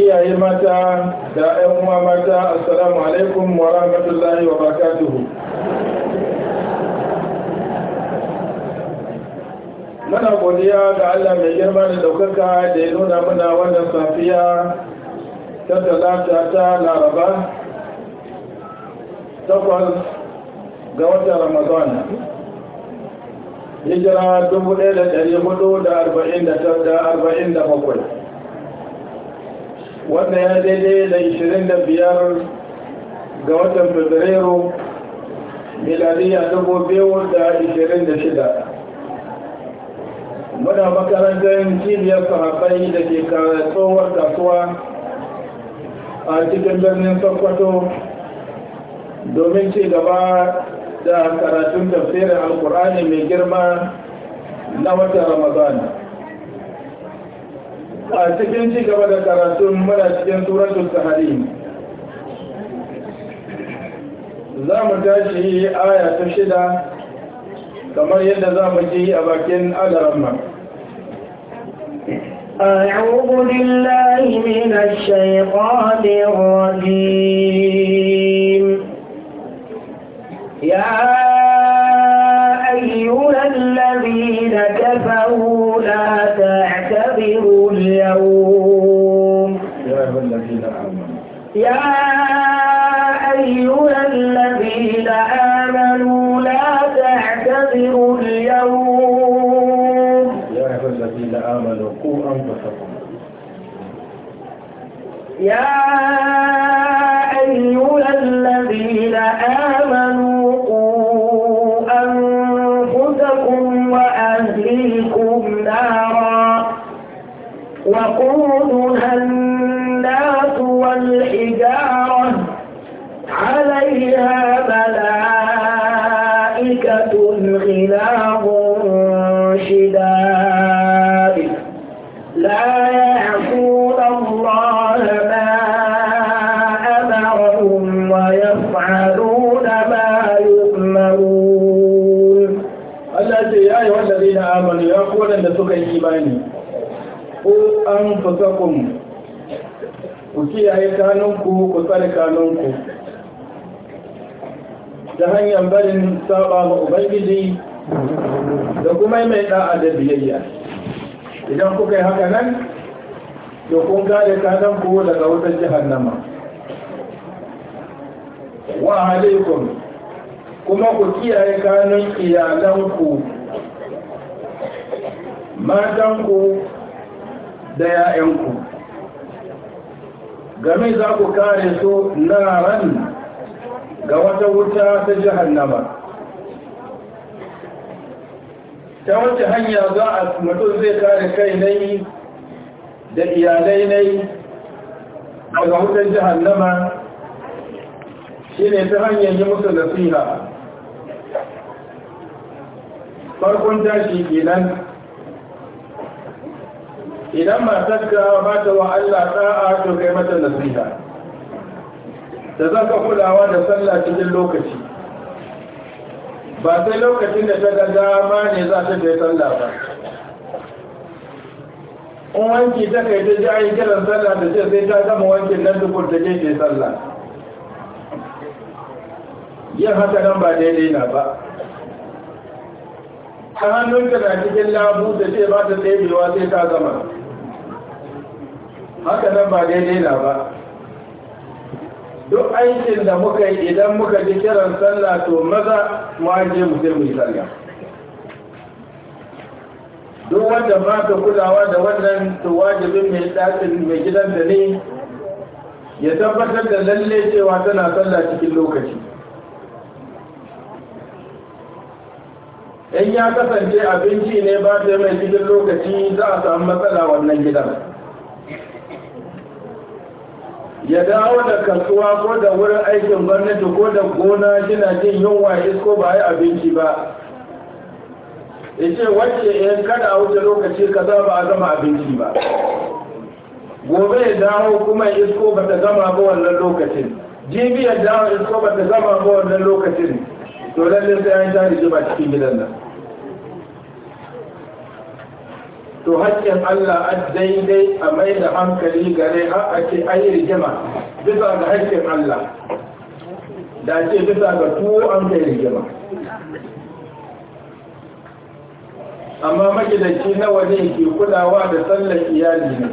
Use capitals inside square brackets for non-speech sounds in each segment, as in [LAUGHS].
iyaye mata da 'yan uwa mata assalamu alaikum wa rahmatullahi wa barakatuhu muna godiya ga Allah mai girma da daukaka da ya nuna muna wannan safiya ta talata ta laraba takwas ga watan ramadana hijira 1447 wanda ya daidai da 25 ga watan fabrairu da 26 muna makarantar cibiyar sahabai da ke tsohuwar kasuwa a cikin birnin sokoto domin ci gaba da karatun tafsirin alkur'ani mai girma na watan ramadana a cikin ci gaba da karatun muna cikin turatun tahrim za mu tashi aya ta shida kamar yadda za mu ji a bakin alaramma أعوذ بالله من الشيطان الرجيم يا أيها الذين كفروا لا تنسوا يا أيها الذين آمنوا لا تعتذروا اليوم يا أيها الذين آمنوا أنفسكم يا imani ko an fasakun ku kiyaye kanunku ku tsare ku ta hanyar barin saba ma ubangiji da kuma mai ɗa'a da biyayya idan kuka yi haka nan to kun kare kanunku daga wutar nama wa alaikum kuma ku kiyaye kanun iyalanku matanku da ‘ya'yanku game za ku kare su naran ga wata wuta ta jihannama ta wace hanya za a mutum zai kare kai nai da iyalai nai daga wutan jihannama shi ne ta hanyar yi musu nasiha farkon tashi ke nan. idan matarka ba ta wa Allah ta'a to kai mata nasiha da zan kulawa da sallah cikin lokaci ba sai lokacin da ta ga dama ne za ta kai sallah ba in wanki ta kai ta ji a yi kiran sallah da ce sai ta gama wankin nan dukkan ta je ke sallah yin haka nan ba daidai na ba ta ta na cikin labu da ce ba ta tsebewa sai ta zama. haka nan ba daidai na ba duk aikin da muka yi idan muka ji kiran sallah to maza waje mu sai mu yi sallah duk wanda ba ta kulawa da wannan to wajibin mai ɗakin mai gidan da ne ya tabbatar da lalle cewa tana sallah cikin lokaci in ya kasance abinci ne ba ta mai cikin lokaci za a samu matsala wannan gidan ya dawo da kasuwa ko da wurin aikin gwamnati ko da gona gina jin yunwa isko ba yi abinci ba ya ce wacce in kada a wuce lokaci kaza ba a gama abinci ba gobe ya dawo kuma isko ba ta gama ba wannan lokacin jibi ya dawo isko ba ta gama ba wannan lokacin to lalle sai an sha rigima cikin gidan nan to haƙƙin Allah a daidai a mai da hankali gare har a ce an yi rigima bisa ga haƙƙin Allah da ce bisa ga tuwo an kai rigima amma magidanci na waje ke kulawa da sallar iyali ne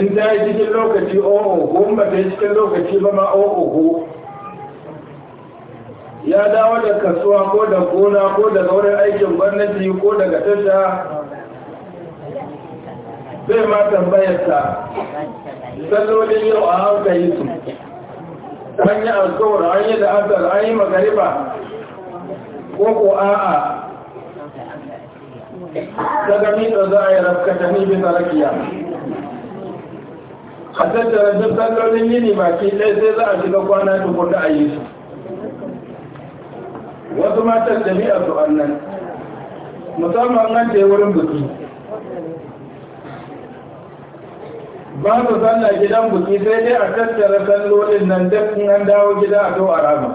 in ta yi cikin lokaci o'oho oh, ba ta yi cikin lokaci ba ma o'oho oh, oh. ya dawo da kasuwa ko da gona ko daga wurin aikin gwamnati ko daga tasha zai ma tambayarsa sallolin yau a hankali su an yi alkawar an yi da da'asar an yi magariba ko ko a'a daga mita za a yi ni bisa rakiya a tattara duk sallolin yini baki ɗaya sai za a shiga kwana tukun da a yi su wasu matan jami'a su annan musamman nan ce wurin buki ba su sanna gidan buki sai dai a tattara sallolin nan duk in an dawo gida a to a rama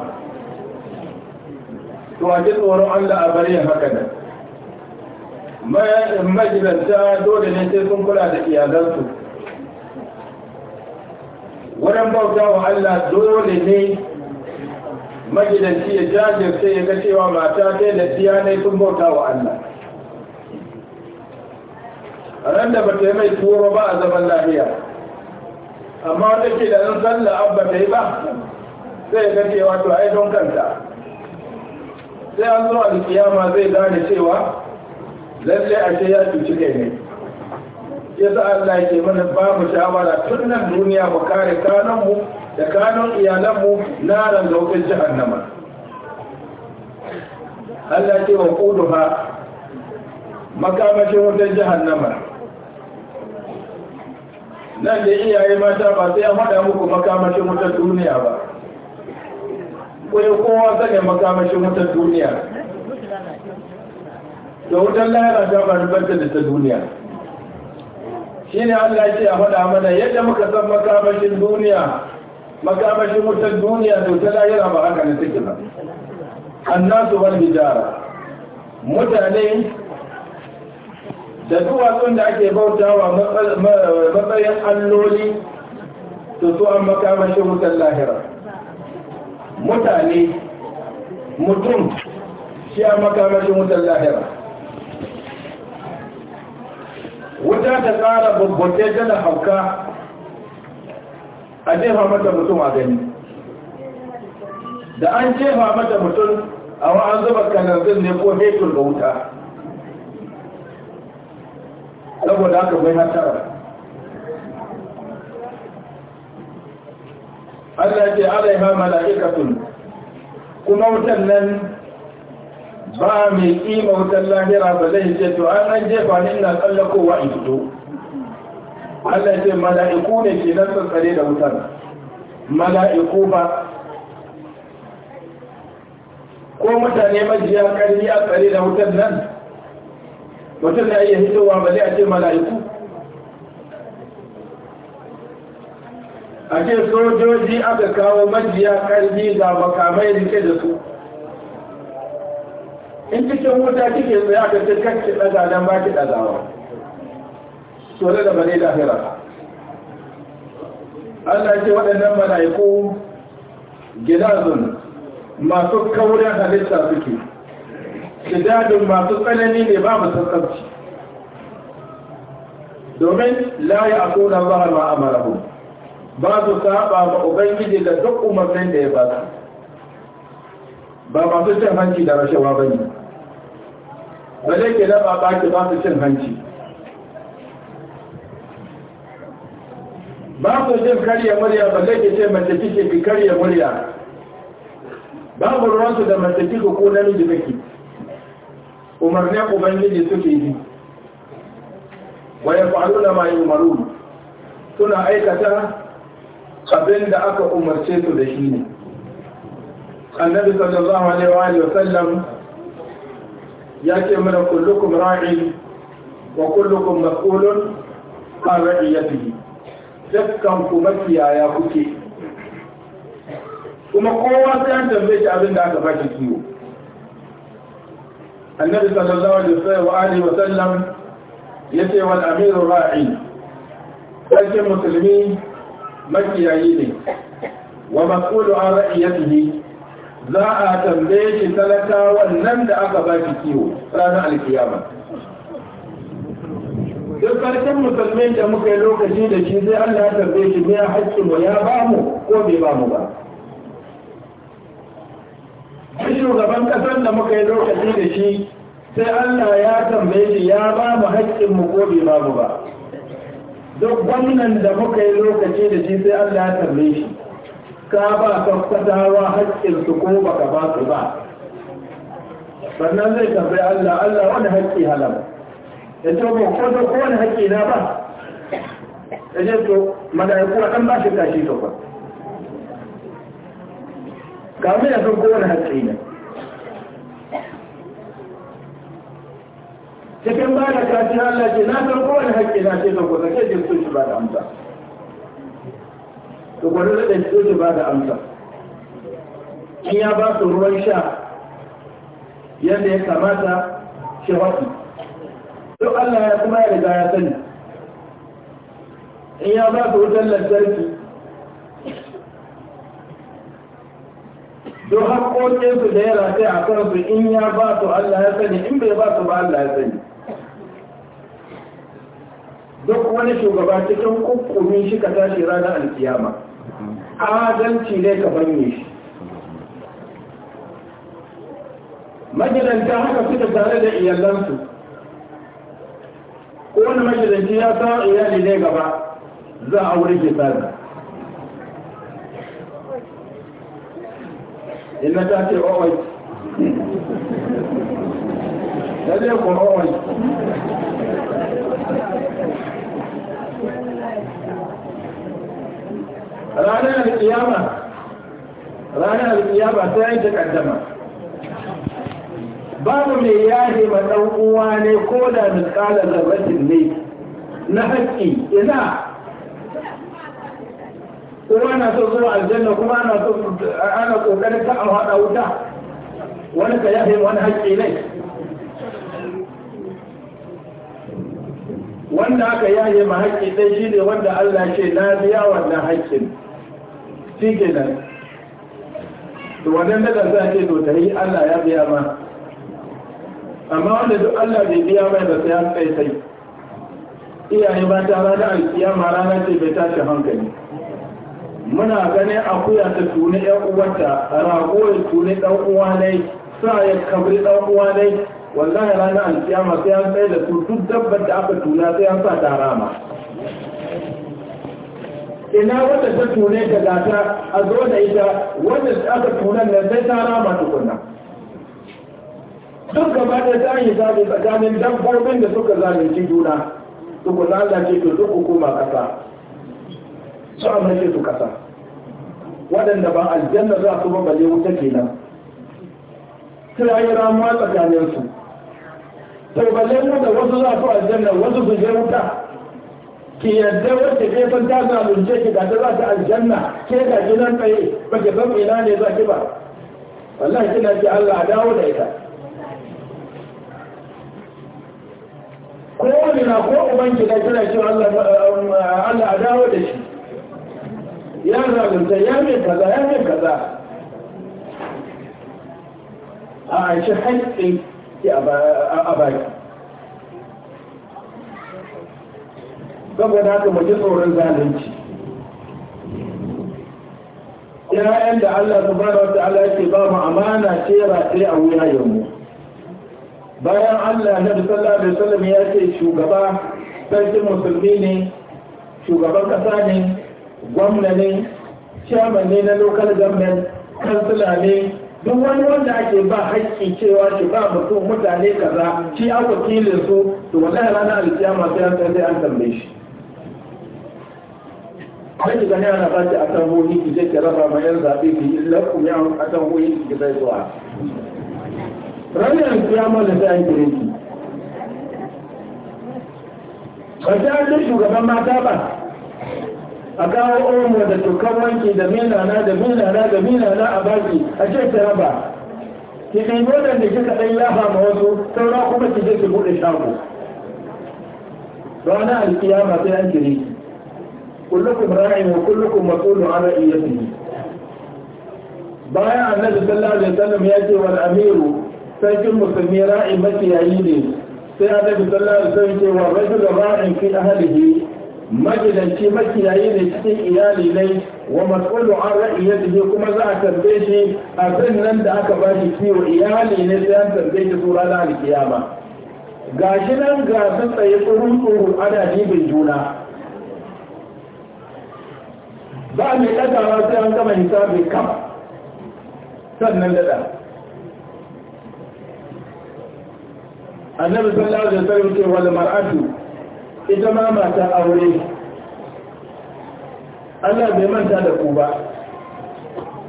to a ji tsoron allah a bari haka da majibanta dole ne sai sun kula da iyalansu wurin bauta wa allah dole ne magidanci ya sai ya ga cewa mata ta da siya ne sun bauta wa Allah ran da bata yi mai turo ba a zaman lafiya amma wanda ke da nan sallah abba ta yi ba sai ga cewa to yi don kanta sai an zo Kiyama zai gane cewa lalle a ce ya cuci kai ne ya sa Allah ke mana ba mu shawara tun nan duniya mu kare kananmu da kanan iyalanmu na ran lokacin jahannama Allah ce wa ha makamashin wutar jahannama nan da iyaye mata ba sai an haɗa muku makamashin wutar duniya ba kwaye kowa sanya makamashin wutar duniya da wutar lahira ta ba da ta duniya shi ne Allah ce a faɗa mana yadda muka san makamashin duniya makamashin wutar duniya to ta lahira ba haka na take ba annasu wal hijara mutane da duwatsun da ake bautawa matsayin alloli to su an makamashin wutar lahira mutane mutum shi an makamashin wutar lahira wuta ta tsara babbace ta da hauka a jefa mata mutum a gani da an jefa mata mutum a wa'an zuba kanarzin ne ko hetur da wuta saboda aka bai hatara Allah ce alaiha mala'ikatun kuma wutan nan ba mai ƙima wutar lahira ba zai ce to an an jefa ni ina tsallakowa in fito Allah ce mala'iku ne ke nan tsantsare da wutar mala'iku ba ko mutane majiya karni a tsare da wutar nan mutum na iya hitowa ba zai a ce mala'iku a ce sojoji aka kawo majiya karni ga makamai rike da su in cikin wuta kike tsaye aka ce kacce ɗaga don ba ki ɗagawa tore da hira. Allah ce waɗannan mala'iku gidazun masu kaurin halitta suke shidadun masu tsanani ne ba mu domin layi a sunan a ma'amarahu ba su saba ma ubangiji da duk umarnin da ya ba ba masu cin hanci da rashawa ba ne ba zai ke raba ba ki ba su cin hanci ba su jin karya murya ba zai ke ce mace kike ki karya murya ba mu ruwansu da mace kike ko namiji kake umarnin ubangiji suke yi wa ya faru na mai umaru suna aikata abin da aka umarce su da shi ne annabi sallallahu alaihi wa sallam ya ce mana kullukum ra'i wa kullukum mas'ulun an ra'iyatihi dukkan ku makiyaya kuke kuma kowa sai an tambaye shi abin da aka bashi kiwo annabi sallallahu alaihi wa alihi wa sallam yace wal amiru ra'i sarkin musulmi makiyayi ne wa mas'ulu an ra'iyatihi za a tambaye shi talakawan nan da aka ba shi kiwo ranar alkiyama duk karshen musulmin da muka yi lokaci da shi sai Allah ya tambaye shi me haƙƙinmu ya ba mu ko bai ba mu ba shi shugaban ƙasar da muka yi lokaci da shi sai Allah ya tambaye shi ya ba mu haƙƙinmu ko bai ba mu ba duk wannan da muka yi lokaci da shi sai Allah ya tambaye shi ka ba kwafatawa haƙƙinsu ko ba ka ba su ba sannan zai tambayi Allah Allah wani haƙƙi halam ya ce ba ko da ko wani haƙƙi na ba ya ce to mala'iku ɗan ba shi kashi to ba kamin ya san ko wani haƙƙi ne cikin ba da kashi Allah ce na san ko wani haƙƙi na ce to ko zake jin sun shi ba da amsa su gwada da ɗansu su ba da amsa in ya ba su ruwan sha yadda ya kamata shi wasu duk Allah ya kuma ya riga ya sani in ya ba su wutar lantarki don haƙoƙinsu da ya sai a kansu in ya ba su Allah ya sani in bai ba su ba Allah ya sani duk wani shugaba cikin kukkumin shi ka tashi ranar alkiyama adalci ne ka banye shi magidanta haka suka tare da iyalansu Ko wani magidanci ya sa iyali ne gaba za a wuri ke tsari ina ta ce owai oh, [LAUGHS] ta ce ko oh, owai ranar alkiyama ranar alkiyama sai an ta kaddama babu mai yaje ma dan uwa ne ko da misalan zarratin ne na haƙƙi ina kuma na so zuwa aljanna kuma ana so ana kokarin ta a haɗa wuta wani ka yafe wani haƙƙi ne wanda aka yaye ma haƙƙi ɗai shi ne wanda Allah ce na biya wannan haƙƙin shi ke nan da wannan da za ce to ta yi allah ya biya ma amma wanda duk allah bai biya mai da sai an kai sai iyaye ba ta rana alkiyama rana ce bai tashi hankali muna ganin akuya ta tuni yan uwarta rago ya tuni ɗan uwa ne sa ya kabri ɗan uwa ne wallahi ranar alkiyama sai an tsaye da su duk dabbar da aka tuna sai an sa ta rama ina wanda ta tune ta gata a zo da ita wanda aka tunan nan sai ta rama tukunna duk gaba da ta yi zaɓi tsakanin dabbobin da suka zalunci juna tukuna da ce to duk hukuma kasa su ke su kasa waɗanda ba aljanna za su ba bale wuta kenan sai yi ramuwa tsakaninsu to balle wuta wasu za su aljanna wasu su je wuta ki yadda wanda ke san ta zalunce ki da za ta aljanna ke ga gidan tsaye ba ki san ina ne za ki ba wallahi kina ji Allah dawo da ita ko wani na ko uban ki da kira ki Allah Allah dawo da shi ya zalunce ya mai kaza ya mai kaza a shi haƙƙi a baki saboda haka mu ji tsoron zalunci ƴaƴan da Allah subhanahu wa ta'ala yake ba mu amana ce ce a wuyayen mu bayan Allah na sallallahu alaihi wasallam ya ce shugaba sarkin musulmi ne shugaban kasa ne gwamna ne chairman ne na lokal government kansila ne duk wani wanda ake ba haƙƙi cewa shi ba mutum mutane kaza shi a wakilin su to wallahi ranar alkiyama yasa sai an tambaye shi sai da ne ana baki akan hoyi ki je ki rafa ma yan zabe ki illa ku ya akan hoyi ki zai zuwa ranar kiyama da sai ki rinki ba ta da shugaban mata ba a kawo omo da tukar wanki da minana da minana da minana a baki a ce ki raba ki ɗibo da da kika ɗan yafa ma wasu sauran kuma ki je ki buɗe shago ranar alkiyama sai an kire ki kullukum ra'in wa kullukum mas'ulun an ra'iyatihi bayan annabi sallallahu alaihi wasallam ya ce wal amiru sarkin musulmi ra'in makiyayi ne sai annabi sallallahu alaihi wasallam ce wa rajul ra'in fi ahlihi majalanci makiyayi ne cikin iyali ne wa mas'ulu an ra'iyatihi kuma za a tambaye shi abin nan da aka bashi shi kiwo iyali ne sai an tambaye shi sura da alkiyama gashi nan ga sun tsaye tsoron tsoro ana jibin juna ba a mai ɗagawa sai an gama hisabi kam sannan daɗa annabi sallallahu alaihi wasallam ce wal mar'atu ita ma mata aure Allah bai manta da ku ba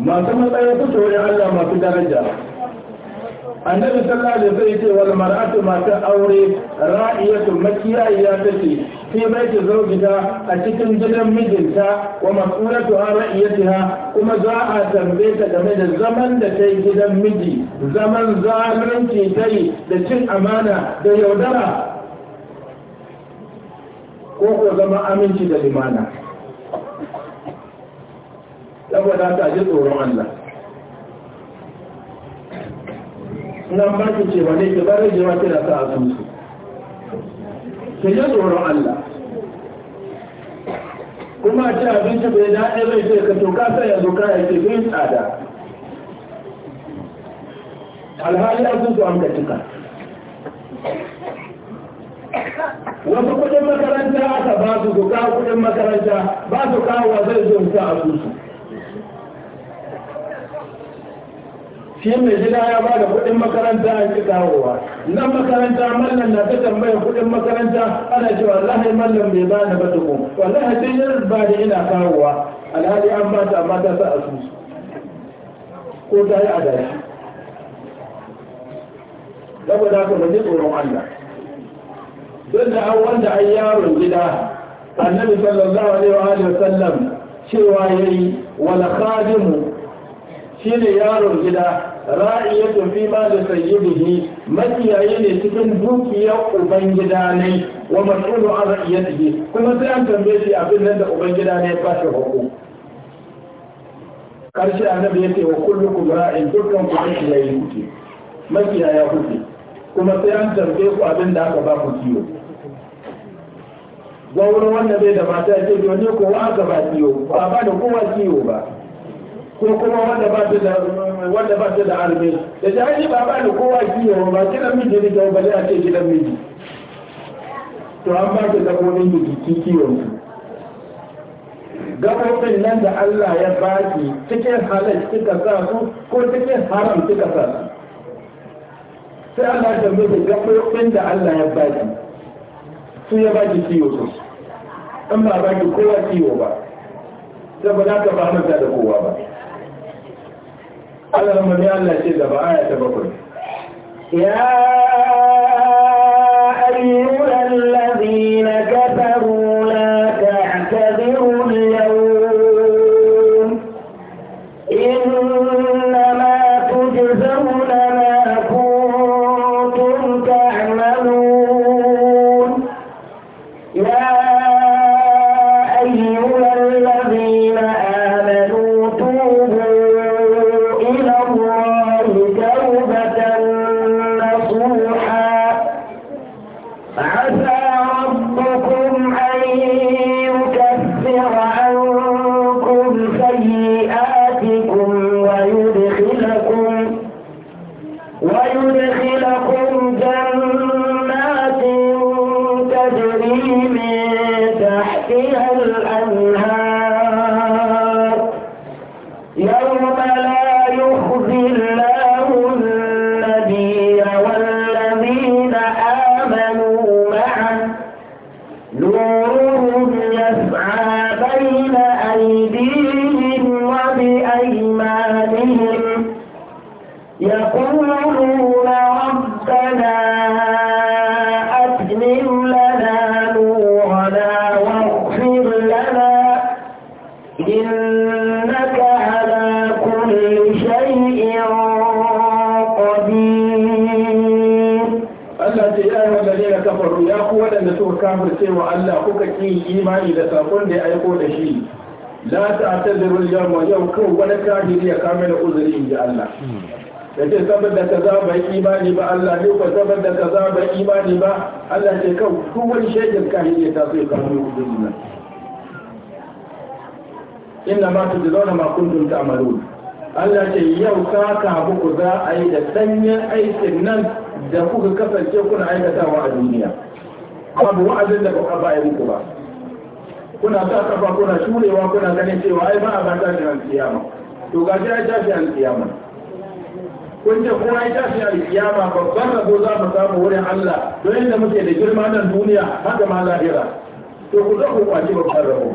masu matsayin fito wurin Allah masu daraja annabi sallallahu alaihi wasallam ce wal mar'atu mata aure ra'iyatu makiyayya take fi baiti zawjita a cikin gidan mijinta wa mas'ulatu ra'iyatiha kuma za a tambaye ta game da zaman da ta yi gidan miji zaman zalunci ta yi da cin amana da yaudara ko ko zama aminci da limana saboda ta ji tsoron Allah nan ba ki ce ba ne ki bar jiwa kira ta asusu ka tsoron Allah kuma ce abinci bai daɗe ɗaya mai ka toka sa ya zo kaya ke bin tsada alhali abin su an ka cika wasu kudin makaranta aka ba su su kawo kudin makaranta ba su kawo wa zai zo wuta a su shi mai gida ya ba da kuɗin makaranta a ki kawowa nan makaranta mallan na ta tambaya kuɗin makaranta ana cewa lahai mallan bai bani ba tuku wallahi sai yin ba da ina kawowa alhali an ba ta mata sa su ko ta yi adashi saboda ka mace tsoron Allah don da an wanda an yaron gida annabi sallallahu alaihi wa alaihi wasallam cewa yayi wal khadimu shine yaron gida ra'iyatu fi ma da sayyidihi makiyayi ne cikin dukiyar ubangida ne wa mas'ulu an ra'iyatihi kuma sai an tambaye shi abin nan da ubangida ne ba shi hukku karshe annabi yake wa kullukum ra'in dukkan ku makiyayi kuke makiyaya kuke kuma sai an tambaye ku abin da aka ba ku kiyo gwaurin wanda bai da mata ya ce ne ko aka ba kiyo ba ba da kowa kiyo ba ko kuma wanda ba ta da wanda ba ta da arme da ta hanyar ba ba da kowa kiyo ba gidan miji ne ba ne a ce gidan miji to an ba ta dabbobin da jiki kiwon su gabobin nan da Allah ya baki cikin halal ka sa su ko cikin haram ka sa su sai Allah ta tambaye da gabobin da Allah ya baki su ya baki kiwo su in ba baki kowa kiwo ba saboda ka ba da kowa ba Allah ramani Allah ce gaba aya ta bakwai. Ya wa Allah kuka kin imani da sakon da ya aiko da shi la ta'tadiru yawma yau kan wani kafiri ya kame da uzuri inji Allah ce saboda ka kaza bai imani ba Allah ne ba saboda ka kaza bai imani ba Allah ce kan kowane shaidar kafiri ya taso ya kame da uzuri nan inna ma tujzauna ma kuntum ta'malun Allah ce yau ka kafu ku za a yi da sanyin aikin nan da kuka kasance kuna aikatawa a duniya babu wa'azin da ba a yi ba kuna sa kafa kuna shurewa kuna ganin cewa ai ba a ba ta shirin kiyama to ga shi ai ta shirin kiyama kun ce kuma ai ta shirin kiyama babban rabo za mu samu wurin Allah don inda muke da girma nan duniya haka ma lahira to ku zo kwaci babban rabo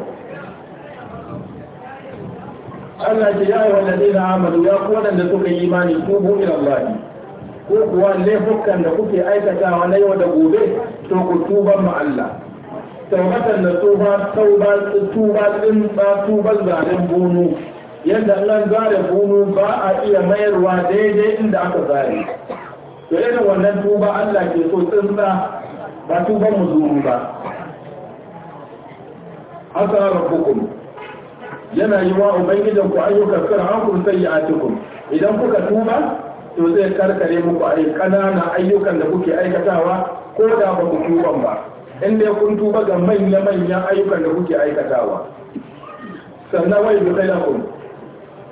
Allah ya yi wa ladina amanu ya ku wadanda suka yi imani tubu ila Allah ko kuwa laifukan da kuke aikatawa na yau da gobe to ku tuban ma Allah taubatan da tuba tauba tuba din ba tuba zalin bunu yadda Allah zare bunu ba a iya mayarwa daidai inda aka zare to irin wannan tuba Allah ke so tsinsa ba tuban zuru ba asa rabbukum yana yi wa ubangijinku ayyukan sir'ankum sayyi'atikum idan kuka tuba to zai karkare muku a ƙananan ayyukan da kuke aikatawa ko da ba ku tuban ba in dai kun tuba ga manya-manyan ayyukan da kuke aikatawa sannan wai bi kai kun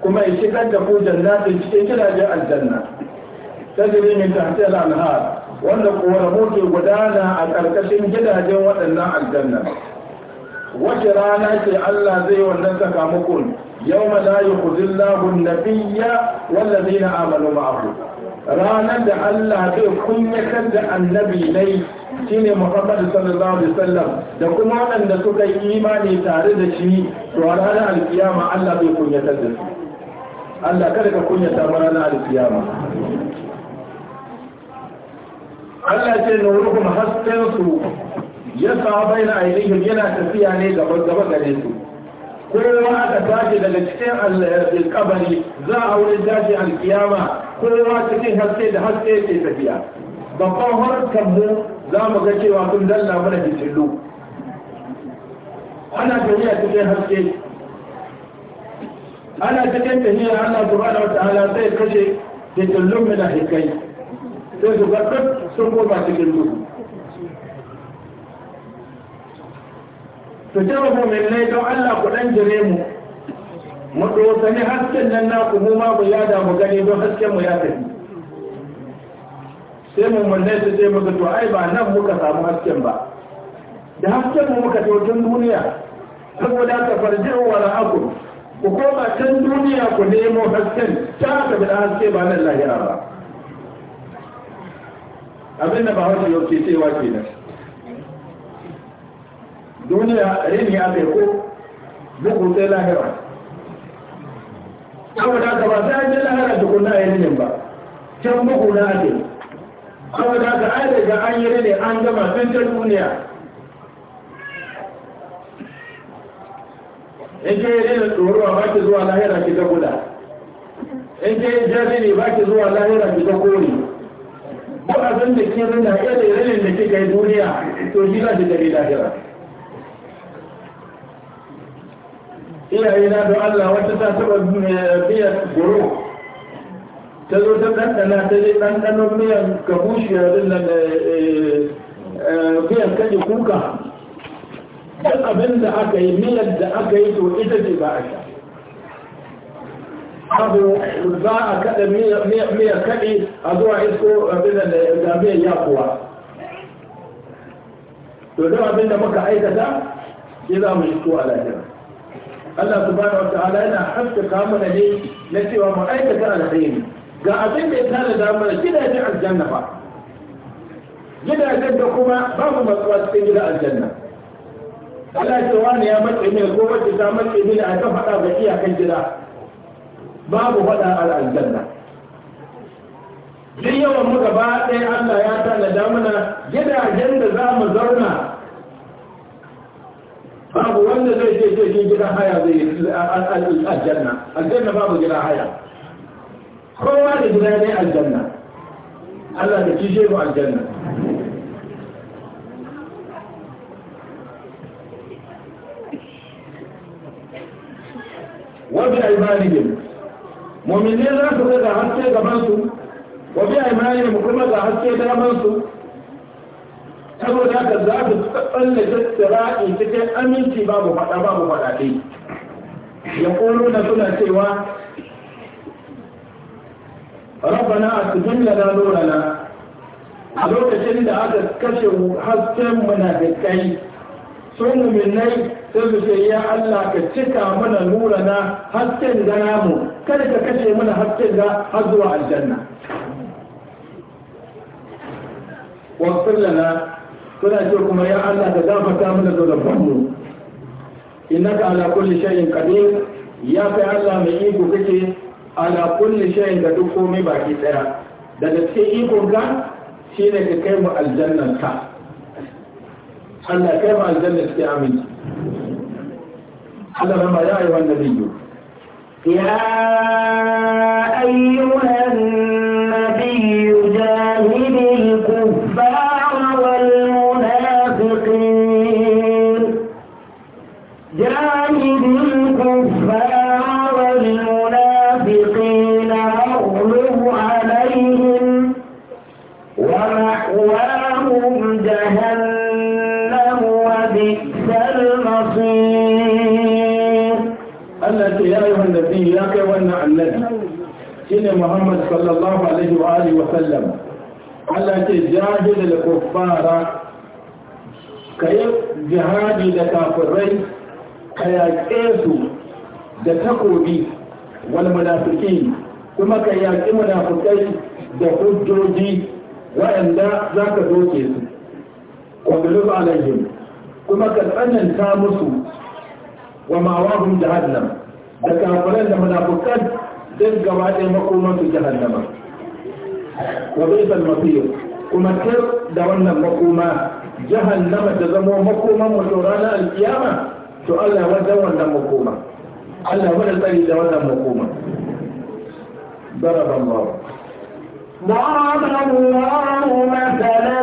kuma ya shigar da ku jannatin cikin gidajen aljanna ta jirgin min tahtil anhar wanda rabo ke gudana a karkashin gidajen waɗannan aljanna wace rana ce Allah zai wannan sakamakon يوم لا يخزي الله النبي والذين آمنوا معه ranar da Allah zai kunyatar da annabi nai shine Muhammad sallallahu alaihi wasallam da kuma waɗanda suka yi imani tare da shi to a ranar alkiyama Allah zai kunyatar da su Allah kada ka kunyata mu ranar alkiyama Allah ce nuruhum hasken su ya sa bayna ainihin yana tafiya ne gaba gaba gare su kowa da tashi daga cikin alƙabari za a wurin tashi alƙiyama kowa cikin haske da haske ke tafiya babban harkar mu za mu ga cewa sun danna mana fitilu ana tafiya cikin haske ana cikin tafiya da wata wataala sai kashe fitillun mina hikai sai su ga sun koma cikin duhu su ce mai ne don Allah ku dan jire mu mu ne hasken nan ku mu ma mu da mu gani don hasken mu ya tafi sai mu mu'minai su mu ga to ai ba nan muka samu hasken ba da hasken mu muka tun duniya saboda ka farje wa ra'aku ku koma can duniya ku nemo hasken ta ka da haske ba nan lahira ba abin da ba wata yau ke cewa kenan duniya rini a mai ko bugu sai lahira kawo da ka ba sai an je lahira kuna ya rinin ba can bugu na ake kawo da ka an ga an yi rini an gama sun ta duniya in ke yi rinin tsoruwa ba ki zuwa lahira ki ta guda in ke yi jariri ba ki zuwa lahira ki ta kori ba a zan da ke rina irin rinin da ke yi duniya to shi za ki gari lahira iyaye na don Allah wata ta taba miyar goro ta zo ta ɗanɗana ta je ɗanɗano miyar ka bushe yanzu nan miyar kaji kuka duk abin da aka yi miyar da aka yi to ita ce ba a sha abu za a kaɗa miyar kaɗi a zuwa isko abin da ga miyar yakuwa to don abin da muka aikata ya za mu shi ko a lafiya Allah subhanahu wa ta'ala yana haskaka mana ne na cewa mu aikata alkhairi ga abin da ya tana da mana gidajen aljanna ba gidajen da kuma babu matsuwa cikin gidan aljanna Allah ya ce wani ya matse ne ko wacce ta matse ne a kan faɗa ga iyakan gida babu faɗa a aljanna duk yawan mu gaba ɗaya Allah ya tana da mana gidajen da za mu zauna babu wanda zai je je gidan haya zai yi aljanna aljanna babu gidan haya kowa da gida ne aljanna Allah da kishe mu aljanna wabi aimanihim mu'minin za su ga haske gaban su wabi aimanihim kuma ga haske gaban su saboda haka za su tsallake a cikin aminci babu faɗa babu faɗa dai. ya ƙoro na suna cewa rabbana a cikin lana nurana a lokacin da aka kashe hasken muna da kai sun muminai sai su ce ya Allah ka cika mana na hasken da namu kada ka kashe mana hasken da har zuwa aljanna wasu lana suna ce kuma ya Allah ka gafarta mana zunubanmu innaka ala kulli shay'in qadir ya kai Allah mai iko kake ala kulli shay'in da duk komai baki daya daga cikin ikon ka shine ka kai mu aljannan ka Allah kai mu aljanna cikin aminci Allah rama ya ayyuhan nabiyyu ya ayyuhan sallallahu alaihi wa alihi wa sallam Allah ce jahil da kuffara kayi jihadi da kafirai ka yaƙe su da takobi wal munafiki kuma ka yaƙi munafikai da hujjoji waɗanda za ka doke su wadulub alayhim kuma ka tsananta musu wa ma'awahum jahannam da kafiran da munafikan تبقى بعد المقومة جهنم وضيف المطير ومكر دون المقومة جهنم جزم ومقومة وشرانا القيامة سؤال الله ودون المقومة الله ولا تلي الله ضرب الله مثلا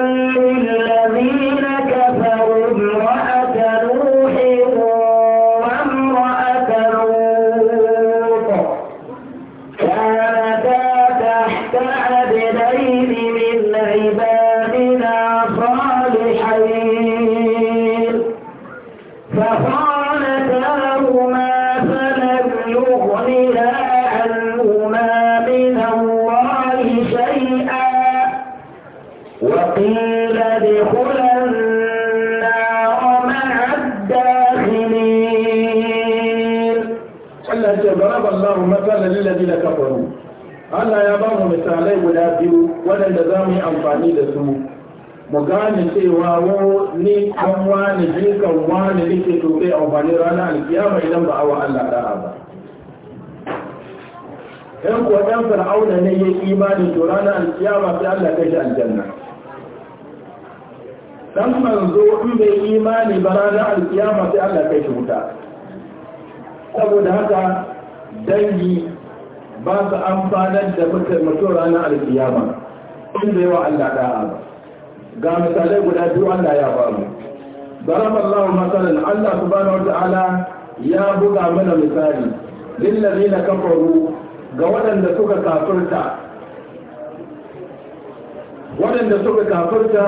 mu yi amfani da su mu gane cewa wo ni an wani jikan wani nake to sai amfani ranar alkiyama idan ba awa Allah da ba ɗan kuwa ɗan fir'auna ne ya yi imani to ranar alkiyama sai Allah kai shi aljanna dan manzo in bai imani ba ranar alkiyama sai Allah kai shi wuta saboda haka dangi ba su amfanar da mutum ranar alkiyama in da yawa Allah da'a ba ga misalai guda biyu Allah ya ba mu daraballahu masalan Allah subhanahu wata'ala ya buga mana misali lillazina kafaru ga waɗanda suka kafirta waɗanda suka kafirta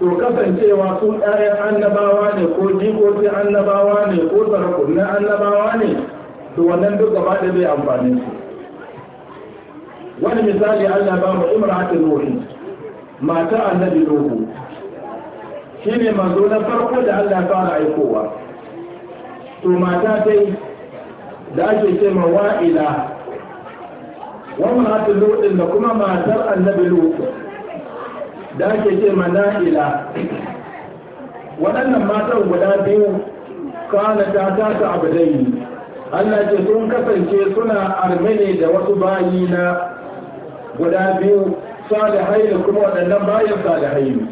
to kasancewa su ɗayan annabawa ne ko jikokin annabawa ne ko sarakun annabawa ne to wannan duk gaba da bai amfani su wani misali Allah ba mu imra'atul nuhi mata annabi Shi ne manzo na farko da Allah fara aikowa to mata dai da ake ce ma wa'ila Wani imra'atul nuhi da kuma matar annabi nuhu da ake ce ma na'ila waɗannan matan guda biyu kana ta tata abdai Allah ce sun kasance suna armene da wasu bayi na guda biyu salihai da kuma waɗannan bayan salihai ne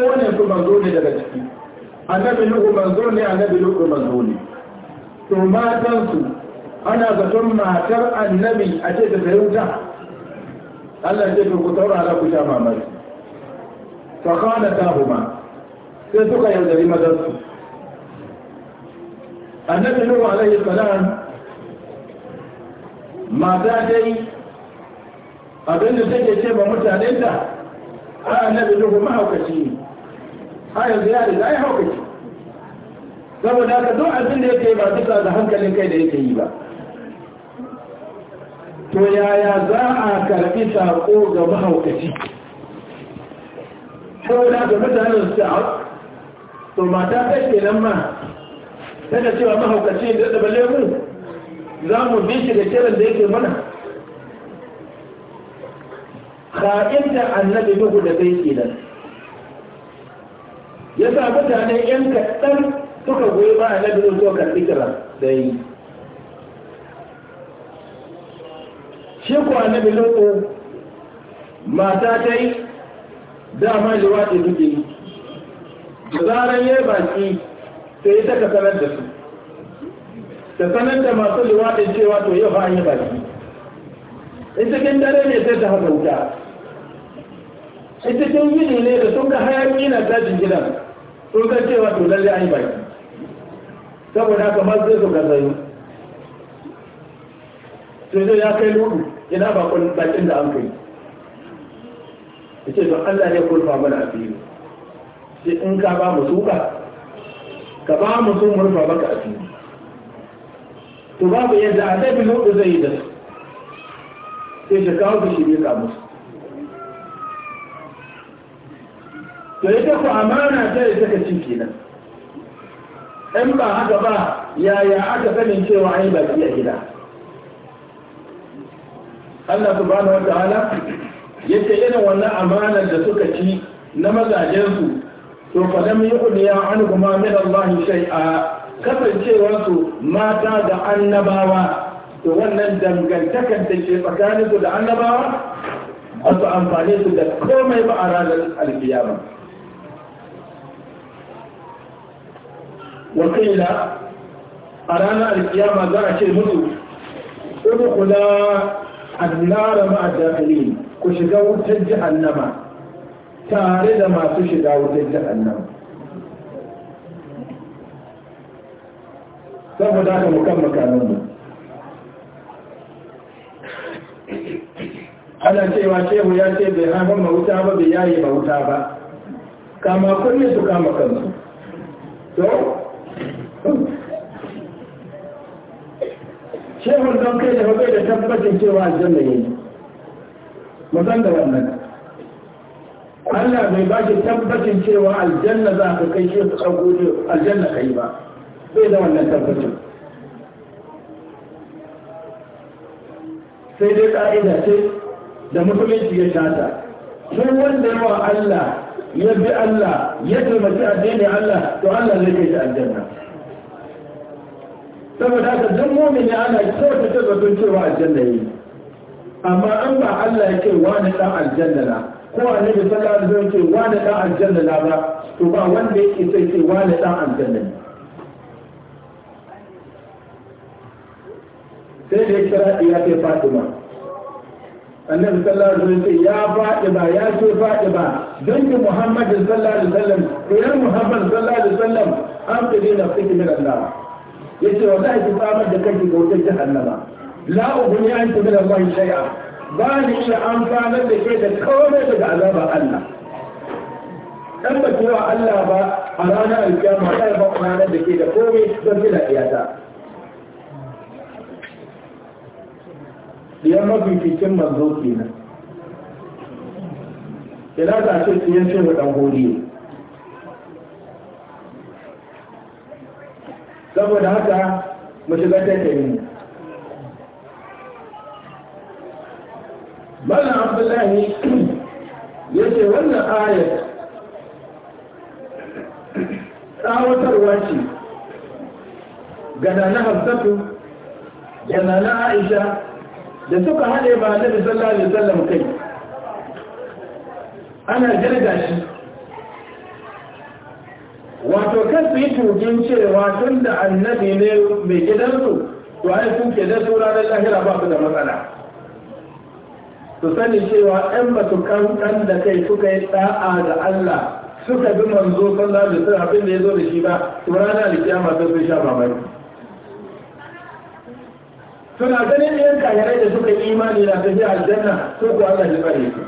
kowane su manzo ne daga ciki annabi nuhu manzo ne annabi nuhu manzo ne to matansu ana zaton matar annabi a ce ta sayi wuta Allah ce ku saurara ku sha mamaki fa kana ta huma sai suka yaudari mazansu annabi nuhu alaihi salam mata dai abin da take ce ba mutanen da a annabi duhu mahaukaci ne a yanzu ya riga ya haukaci saboda haka duk abin da yake ba duka da hankalin kai da yake yi ba to yaya za a karɓi sako ga mahaukaci saboda haka mutanen su to mata kai ke nan ma tana cewa mahaukaci da ɗaba lemu za mu bi shi da kiran da yake mana ba inda annabi nuhu da kai nan. ya sa mutane yan kaɗan suka goyi ba annabi nuhu zuwa karɓi kira da yi shi ko annabi nuhu mata ta yi dama liwaɗi suke yi da zaran ya baki sai ta ka sanar da su ta sanar da masu liwaɗin cewa to yau fa an yi baki in cikin dare ne sai ta haka wuta in cikin ne da sun ga hayaki na tashin gidan sun ga cewa to lalle an yi baki saboda haka ma sai su gazayu sai zai ya kai lulu ina kun bakin da an kai ya ce don allah ne kurfa mana a sai in ka ba mu suka ka ba mu sun murfa baka a to babu yadda annabi lulu zai yi da su sai ta kawo ta ne ka musu to ita ku amana ta yi saka ci kenan in ba haka ba yaya aka sanin cewa ai baki a gida Allah subhanahu wa ta'ala yake irin wannan amanar da suka ci na mazajensu to fa lam an kuma min Allah shay'a kasancewar su mata da annabawa to wannan dangantakar da ke tsakanin su da annabawa ba su su da komai ba a ranar alkiyama wakila a ranar alkiyama za a ce musu kula annara ma'a dakhilin ku shiga wutar jihannama, tare da masu shiga wutar jahannama saboda haka mu kan mu ana cewa shehu ya ce bai haifar mahuta ba bai yayi mahuta ba kama kunne su kama kansu to Shehu don kai da bai da tabbacin cewa aljanna ne musan da wannan Allah bai ba shi tabbacin cewa aljanna za ka kai shi su ɗauko aljanna kai ba bai da wannan tabbacin sai dai ƙa'ida ce da musulunci ya tata ko wanda yawa Allah ya bi Allah ya taimaki addini Allah to Allah zai kai shi aljanna saboda haka duk mumini ana kyauta ta zaton cewa aljanna yi amma an ba Allah ya ce wani dan aljanna na ko ne bisa alaihi zai ce wani dan aljanna na ba to ba wanda yake sai ce wani dan aljanna ne sai da ya kira iya kai Fatima annabi sallallahu alaihi wasallam ya faɗi ba ya ce faɗi ba danki muhammad sallallahu alaihi wasallam ya muhammad sallallahu alaihi wasallam an tabi na fiki min allah yace wallahi ki samar da kanki ga wutar jahannama la an anti min allah shay'a ba ni shi amfanar da ke da komai daga azaba allah dan ba wa allah ba a ranar alkiyama ba ranar da ke da komai don kina iyata mafi cikin manzo kenan ina ta ce diyar shehu dan godiyo saboda haka mu shiga ne Malam Abdullahi ya ce wannan ayat tsawatarwa ce ga na Hafsatu, ga na Aisha, da suka haɗe ba na da sallallahu alaihi wasallam kai ana jirga shi wato kan su yi tukin cewa tun da annabi ne mai gidansu to ai sun ke da su ranar lahira ba su da matsala su sani cewa ɗan ba su kankan da kai suka yi ɗa'a da Allah suka bi manzo sallallahu alaihi wasallam abin da ya zo da shi ba to ranar kiyama sai sun sha mamaki suna ganin yan kayarai da suka yi imani na tafi aljanna ko ku Allah ya tsare su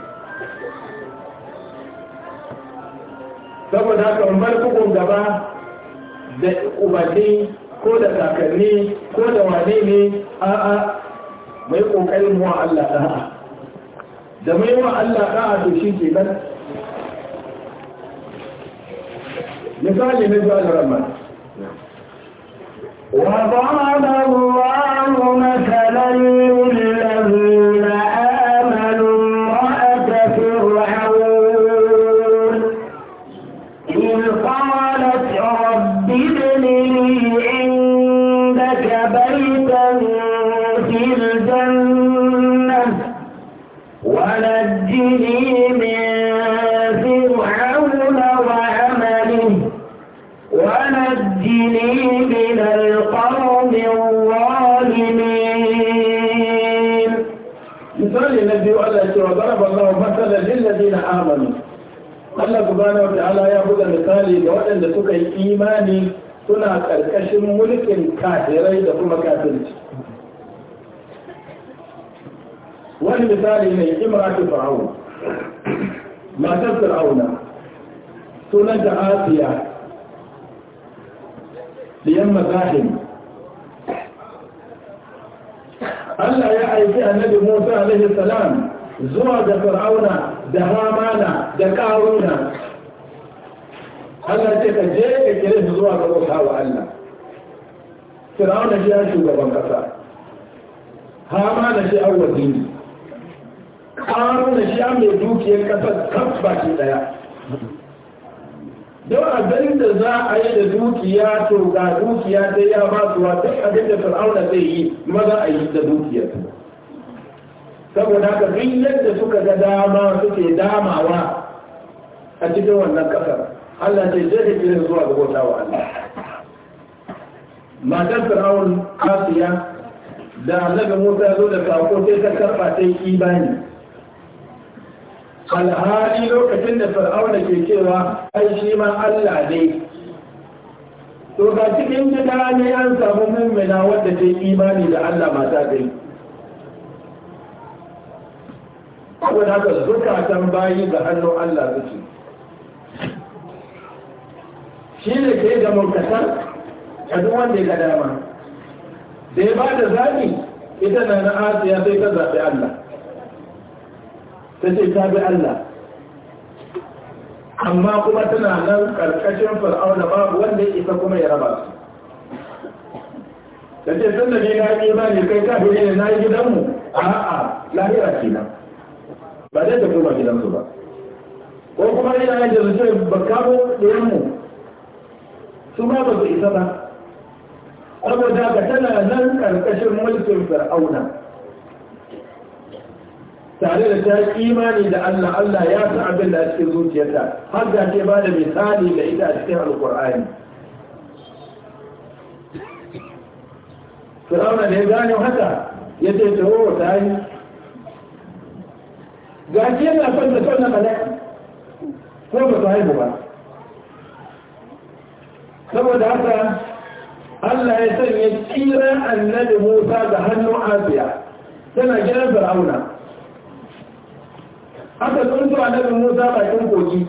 saboda haka umar kukun gaba da ubanni ko da kakanni ko da wane ne a'a mai kokarin mu Allah da'a da mai wa Allah da'a to shi ke nan misali ne zuwa da ramar wa ba'ada مثلا Allah subhanahu ta'ala ya buga misali ga waɗanda suka yi imani suna ƙarƙashin mulkin kafirai da kuma kafirci wani misali ne imratu fir'aun matar fir'auna sunan da asiya liyan mazahim Allah ya aiki annabi Musa alaihi salam zuwa ga fir'auna da hamana da karuna Allah ce ka je ka kire su zuwa ga bauta wa Allah Fir'auna shi ya shugaban kasa hamana shi waje dini karuna shi an mai dukiyar kasar kaf baki daya don abin da za a yi da dukiya to ga dukiya ta ya ba wa duk abin da fir'auna zai yi maza a yi da dukiyar saboda haka duk yadda suka ga dama suke damawa a cikin wannan kasar Allah ce zai da zuwa ga wata wa Allah matar fir'aun kafiya da annabi Musa ya zo da sako sai ta karba ta yi imani alhali lokacin da Fir'aun ke cewa ai shi ma Allah ne to ga cikin gida ne an samu mummuna wadda ta yi imani da Allah mata ta yi saboda haka zukatan bayi ga hannun Allah suke shi ne ke da mulkatar a duk wanda ya dama da ya ba da zaɓi ita na na asiya sai ta zaɓi Allah ta ce ta bi Allah amma kuma tana nan ƙarƙashin fir'auna babu wanda ya isa kuma ya raba su da ce sun da ne na yi ne kai kafin ne na yi gidanmu a'a lahira kenan ba dai ta koma gidansu ba ko kuma ina yin da zuce ba kamo ɗayanmu su ma ba su isa ba saboda ka tana nan ƙarƙashin mulkin fir'auna tare da ta imani da Allah Allah ya san abin da a cikin zuciyarta har da ke ba da misali da ita a cikin alkur'ani Fir'auna da ya gane haka ya ce ta wo ta yi ga shi yana son da son na ko ba su haihu ba saboda haka Allah ya sanya tsira annabi Musa da hannu Asiya tana gidan Fir'auna aka zuwa annabi Musa bakin koki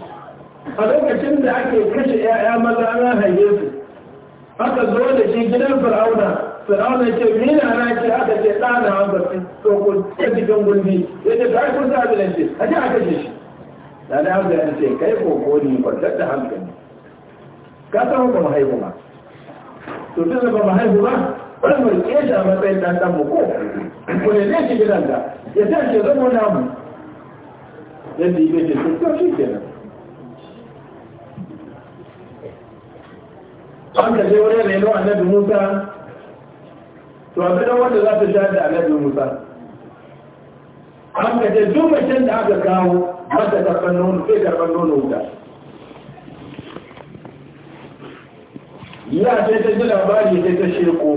a lokacin da ake kashe 'ya'ya maza na haife su aka zo da shi gidan Fir'auna fir'auna ce me na ce aka ce ɗana an barci to ko ta cikin gulbi ya ce kai kun sa bilan ce a ce aka ce shi da na hamza ya ce kai ko ko ni kwantar da hankali ka san ba mahaifu haihu ba to tun da ba mu ba wani mai kesa a matsayin ɗan ɗan mu ko ko ne zai shi gidan da ya sa ce zama namu yadda yi ce sun kyau shi kenan an ka je wani na annabi musa to a kadan wanda za ta shayar da annabi musa an ka ce duk macen da aka kawo ta karɓar nono sai karɓar nono wuta ya sai ta ji labari sai ta sheko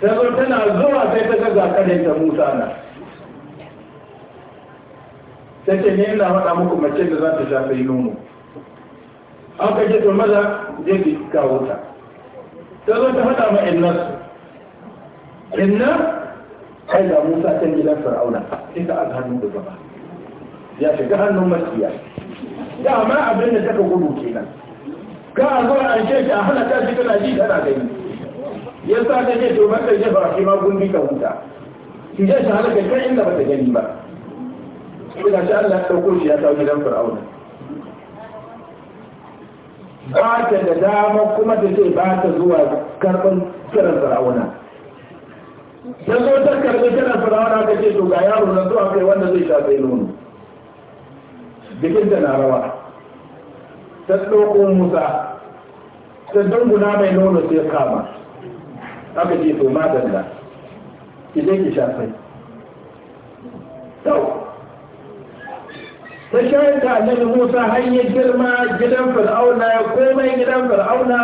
sai tana zuwa sai ta ga zakarin ta musa na sai ce ne ina faɗa muku mace da za ta sai nono an kaje to maza zai fi kawo ta ta zo ta faɗa ma innas inna kai da musa can gidan fir'auna sai ka aka hannu da gaba ya shiga hannun masiya dama abin da take gudu kenan ka a zuwa an ce ta hana ta shi kana ji tana gani ya sa ta ce to ban kai ba shi ma gundi ka huta shi ya shi halaka kai inda ba ta gani ba ina shi Allah ya dauko shi ya kawo gidan fir'auna ba ta da dama kuma ta ce ba ta zuwa karɓar kiran fir'auna yanzu zo ta karbi tana farawa ka ce to ga yaro na zuwa kai wanda zai shafe nono bikinta na rawa ta ɗauko musa ta dunguna mai nono sai kama aka ce to madalla ki je ki shafai tau ta shayar da annabi musa hanyar girma gidan fir'auna ya komai gidan fir'auna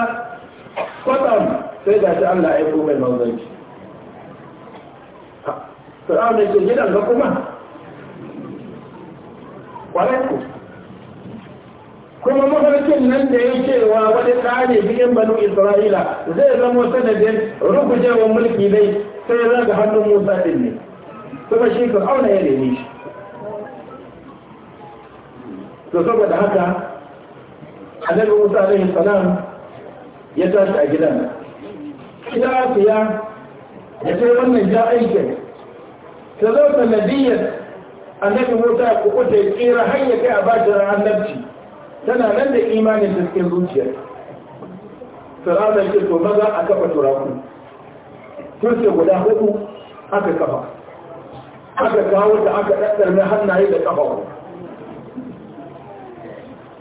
kwatsam sai ga shi allah ya komai manzanci fir'auna ke gidan ga kuma kwarai kuma mafarkin nan da ya cewa wani tsari biyan banu isra'ila zai zama sanadin rukujewar mulki dai sai ga hannun musa din ne kuma shi auna ya nemi shi to saboda haka annabi musa alaihi salam ya tashi a gidan ya fiya ya ce wannan ja aikin ta zo sanadiyyar annabi Musa ya kuɓuta ya tsira har ya kai a bashi ran annabci tana nan da imanin da cikin zuciya sarada ce to maza a kafa turaku turke guda hudu aka kafa aka kawo ta aka ɗaɗɗar na hannaye da kafa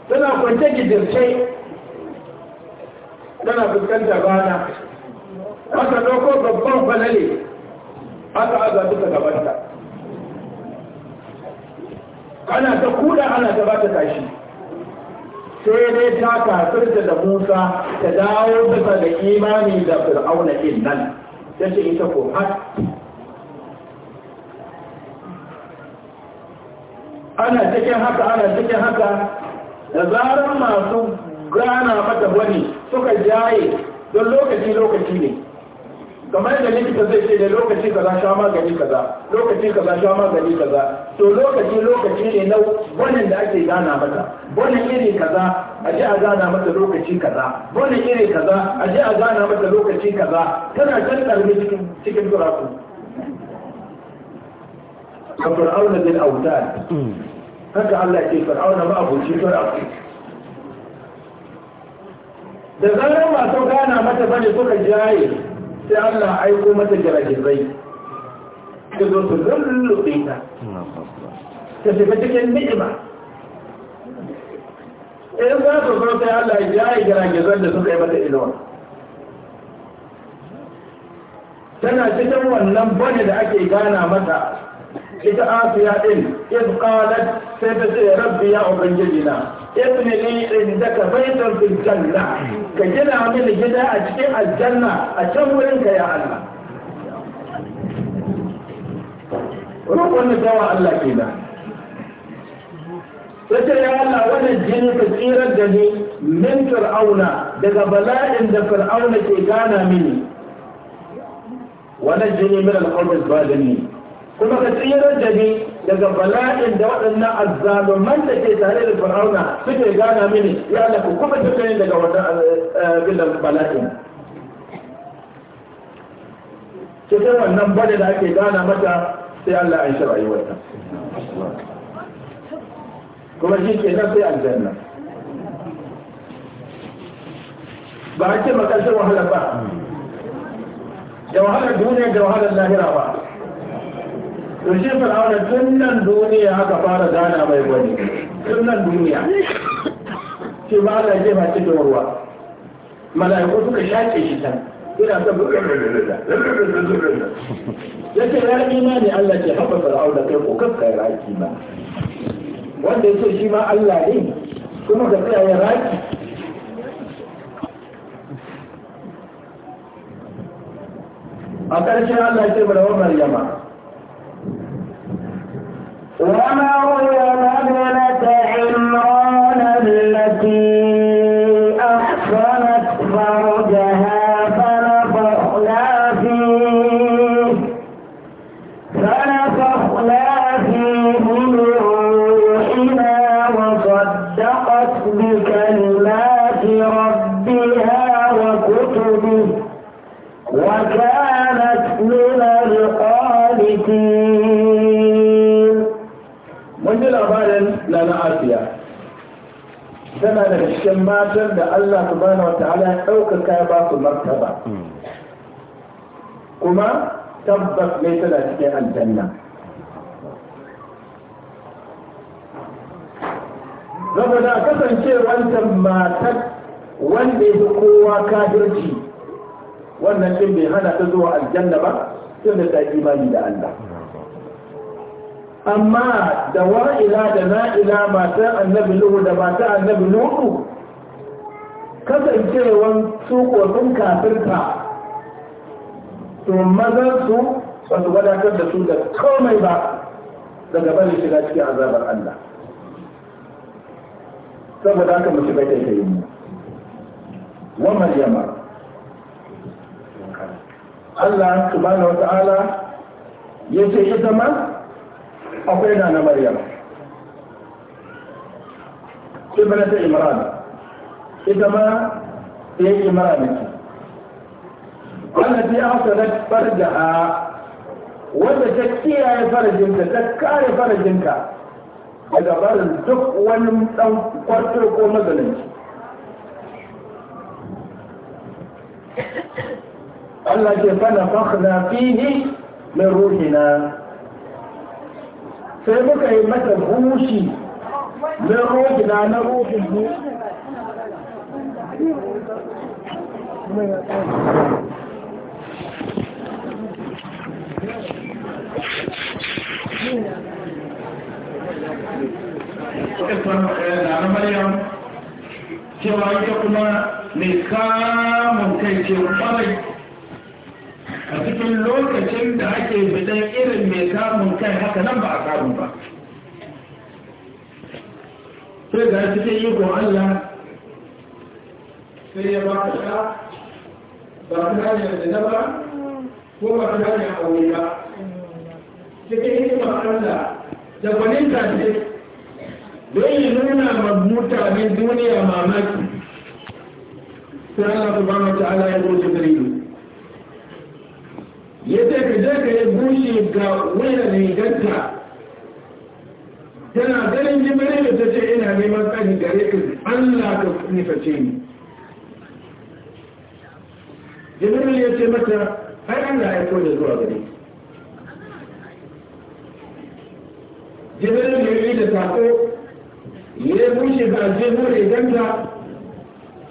tana kwance gidirce tana fuskanta bana aka ɗauko babban falale haka aka duka ana ta kuda ana ta bata tashi sai dai ta kafirta da Musa ta dawo bisa da imani da Fir'auna din nan ce ita ko har ana cikin haka ana cikin haka da zarar masu gana mata wani suka jaye don lokaci lokaci ne kamar da likita zai ce da lokaci kaza sha magani kaza lokaci kaza sha magani kaza to lokaci lokaci ne na wannan da ake gana mata wannan iri kaza a ji a gana mata lokaci kaza wannan iri kaza a ji a gana mata lokaci kaza tana can karbi cikin cikin turaku a fir'auna bin autar haka Allah ke fir'auna ma abuci turaku da zarar masu gana mata bane suka jaye sai Allah aiko mata giragizai ta zo su lullube ta ta shiga cikin ni'ima in za su zo sai Allah ya yi giragizan da suka yi mata inuwa tana cikin wannan bane da ake gana mata ita asiya din iz qalat sai ta ce rabbi ya ubangiji na ابن لي عندك بيتا في الجنة كجنة عمل جدا أجيء الجنة أشمل إنك يا الله روح ونسوى الله كذا فتى يا الله وانا الجن كثيرا من فرعون دقى عند فرعون تيجانا مني وانا الجن من الحرب الظالمين كما كثيرا جهي daga bala'in da waɗannan azzaluman da ke tare da fir'auna suke gana mini ya Allah ku kuma tafiye daga wannan eh, billan bala'in cikin wannan bada da ake gana mata sai Allah ya shirya rayuwarta kuma shi ke nan sai aljanna ba a ce makashin wahala ba da wahalar duniya da wahalar lahira ba to shi fir'auna tun nan duniya haka fara gana mai gwani tun nan duniya shi ba Allah ya ba cikin ruwa mala'iku suka shaƙe shi can ina son bukan da yake ya imani Allah ce haɓa fir'auna kai ko kafa ya raki ba wanda ya ce shi ma Allah ne kuma ka tsaya ya raki a ƙarshen Allah ce bara wa Maryama وما ومريم مبنة عمران التي matan da Allah subhanahu wa ta'ala ya ɗaukaka ya ba su martaba kuma tabbas mai tana cikin aljanna saboda wancan matar wanda ya fi kowa kafirci wannan ɗin bai hana ta zuwa aljanna ba tunda ta imani da Allah amma da wa'ila da na'ila matar annabi Nuhu da matar annabi Nuhu kasancewan su sun kafirta to mazan su ba su wadatar da su da komai ba daga bari shiga cikin azabar Allah saboda haka mu bai kai kai wa maryama Allah subhanahu wata'ala ya ce ita ma akwai na na maryama ta imran ita ma ya yi imani wanda ta hasa farja a wanda ta kiyaye farajinta ta kare farajinka daga barin duk wani dan kwarto ko mazalunci Allah ke fana fakhna fihi min ruhina sai muka yi mata hushi min ruhina na ruhin na maryam cewa ita kuma mai kamun kai ce kwarai a cikin lokacin da ake bidan irin mai kamun kai haka nan ba a kamun ba sai ga cikin ikon allah sai ya baka sha ba ta hanyar da ba ko ba ta hanyar aure ba cikin hikimar Allah da gwanin tashi don yi nuna ma mutane duniya mamaki sai Allah subhanahu wa ta'ala ya zo jibrilu ya ce ka je ka yi bushe ga wuyan rigarta tana ganin jibirin da ta ce ina neman tsari gare ka Allah ka nuface ni jibril ya ce mata ai Allah ya kone zuwa gari jibril ya yi da sako ya bushe ba jibril ya ganta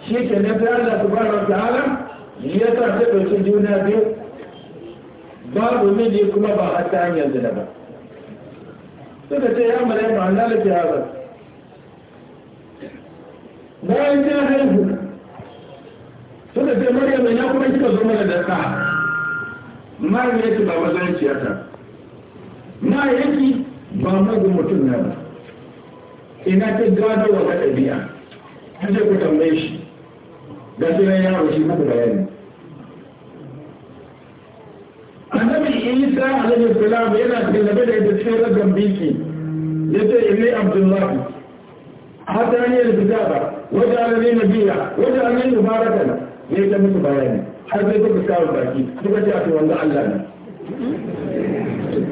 shi ke na fi Allah ta hala ya sa ta ɗauki juna biyu babu miji kuma ba har ta hanyar zina ba suka ce ya mara yi ma'ana lafiya ba bayan ta haihu suka ce maryam ya kuma kika zo mana da ka maryam yake ba mazanciya ta na yaki ba mugun mutum na ba ina ta gado wa ɗabi'a an ce ku tambaye shi ga sai ya yaro shi muku bayani annabi isa alaihi salam yana tallabe da yadda cikin ragan biki ya ce inni abdullahi hatta ne da ba, wajen alani nabiya wajen alani mubarakana ne ta musu bayani har sai duka kawo baki suka ce a wanda Allah ne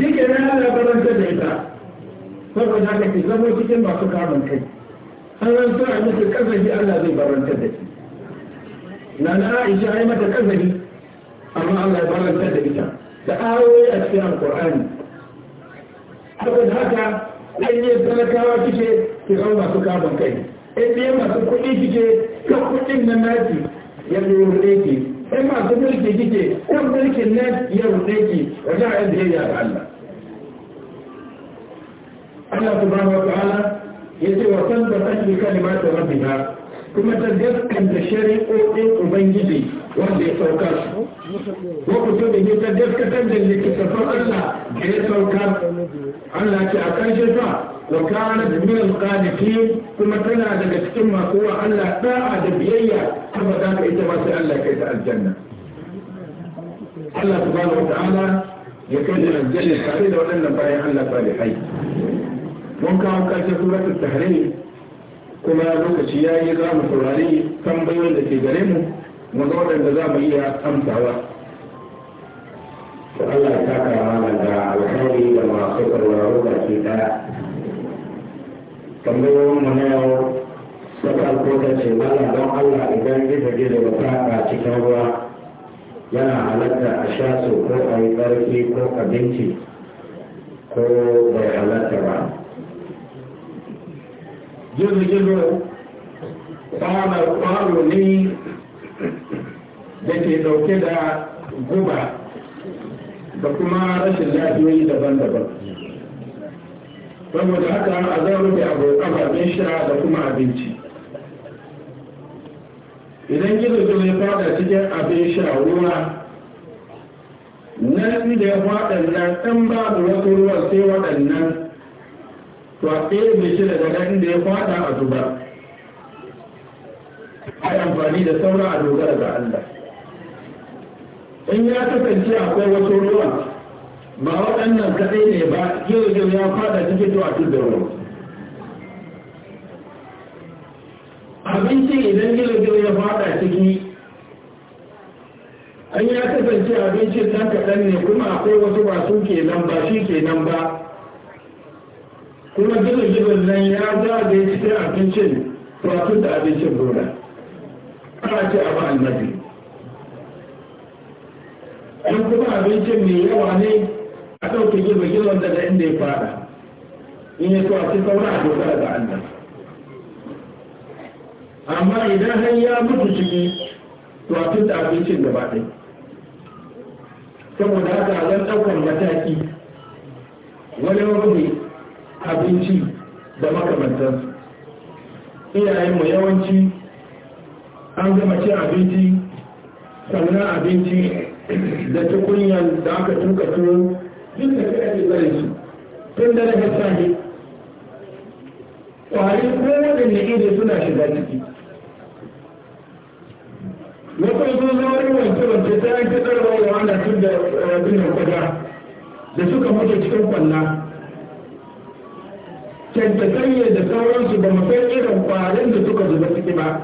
shi ke nan ana baranta da ita saboda haka ke zama cikin masu kamun kai an sa a musu kazafi Allah zai baranta da shi na na Aisha ai mata kazafi amma Allah ya baranta da ita da ayoyi a cikin Al-Qur'ani da haka in ne talakawa kike ki zama masu kamun kai in ne masu kuɗi kike kan kuɗin na naki ya rurruɗe ki in masu mulki kike kan mulkin nan ya rurruɗe ki wajen ayyar da ya yi Allah Allah subhanahu wa ta'ala ya ce wa san da san bi kalimatin ba kuma ta gaskanta shari'o'in ubangiji wanda ya saukar ko ku so da ta gaskatar da littattafan Allah da ya saukar Allah ce a ƙarshe fa wa kana da al-qanitin kuma tana daga cikin masu wa Allah da'a da biyayya kuma za ka ita ba sai Allah kai ta aljanna Allah subhanahu wa ta'ala ya kai da aljanna tare da waɗannan bayan Allah salihai mun kawo ƙarshe suratul tahrim kuma lokaci yayi za mu saurari tambayoyin da ke gare mu mu ga waɗanda za mu iya amsawa to Allah ya saka mana da alkhairi da masu karwaro da ke daya tambayoyin mu na yau ta farko ta ce mana don Allah idan gizo gizo ba fada cikin ruwa yana halatta a sha su ko a yi tsarki ko abinci ko bai halatta ba gizo gizo kwanar kwaro ne da ke dauke da guba da kuma rashin lafiyoyi daban-daban saboda haka a zan rufe ababen sha da kuma abinci idan gizo ya fada cikin abin sha ruwa nan da waɗannan ɗan da wasu ruwa sai waɗannan to a ɗaya shi daga nan da ya fada a zuba a amfani da saura a dogara ga Allah in ya kasance akwai wasu ruwa ba waɗannan kaɗai ne ba yau yau ya fada cikin zuwa da ruwa abinci idan yau ya fada ciki an ya kasance abincin ɗan kaɗan ne kuma akwai wasu ba su ke nan ba shi ke nan ba kuma gizon nan ya zagaye cikin abincin ba da abincin gona ta ce a ba annabi yan kuma abincin mai yawa ne a ɗauke girma girman daga inda ya fara in ya a ci saura a dogara ga Allah amma idan har ya mutu ciki to a tun da abincin gaba ɗaya saboda haka zan ɗaukar mataki wani wani abinci da makamantar iyayen iyayenmu yawanci an gama cin abinci sannan abinci da tukunyan da aka tuka tuwo duk da kai ake tsare su tun da daga sahi ƙwari ko waɗanda iri suna shiga ciki wakon sun zama yi wance wance ta yi ta ɗarwa wa wanda tun da eh, binan kwaja da suka mutu cikin kwalla kyantakayya da sauransu ba mafai irin ƙwarin da suka zuba ciki ba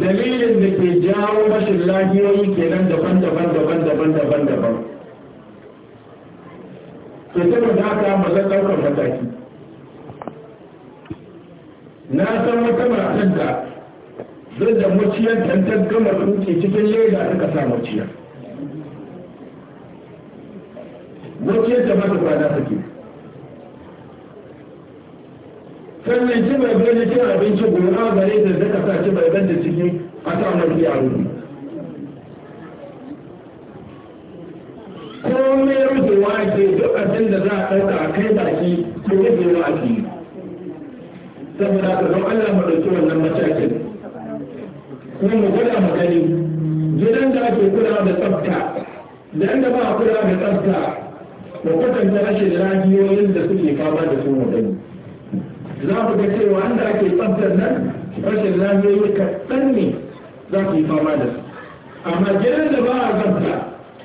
dalilin da ke jawo rashin ke kenan daban daban daban daban daban daban ke da aka ba zan ɗaukar mataki na san wata matan da duk da muciyar tantar gama tuki cikin leda suka kasa muciyar muciyar ta mata kwana take sannan ci mai gani cin abinci a gare da zaka kasa ci mai gani ciki a sa mai iya rubu komai rubewa ke duk abin da za a ɗauka a kai baki ko rubewa a ke saboda ka zama Allah mu ɗauki wannan matakin kuma mu gwada mu gani gidan da ake kula da tsafta da inda ba a kula da tsafta mu kwatanta rashin radiyoyin da suke fama da su mu gani za ku ga cewa an da ake tsabtar nan rashin lafiyoyi kaɗan ne za ku yi fama da su amma gidan da ba a tsabta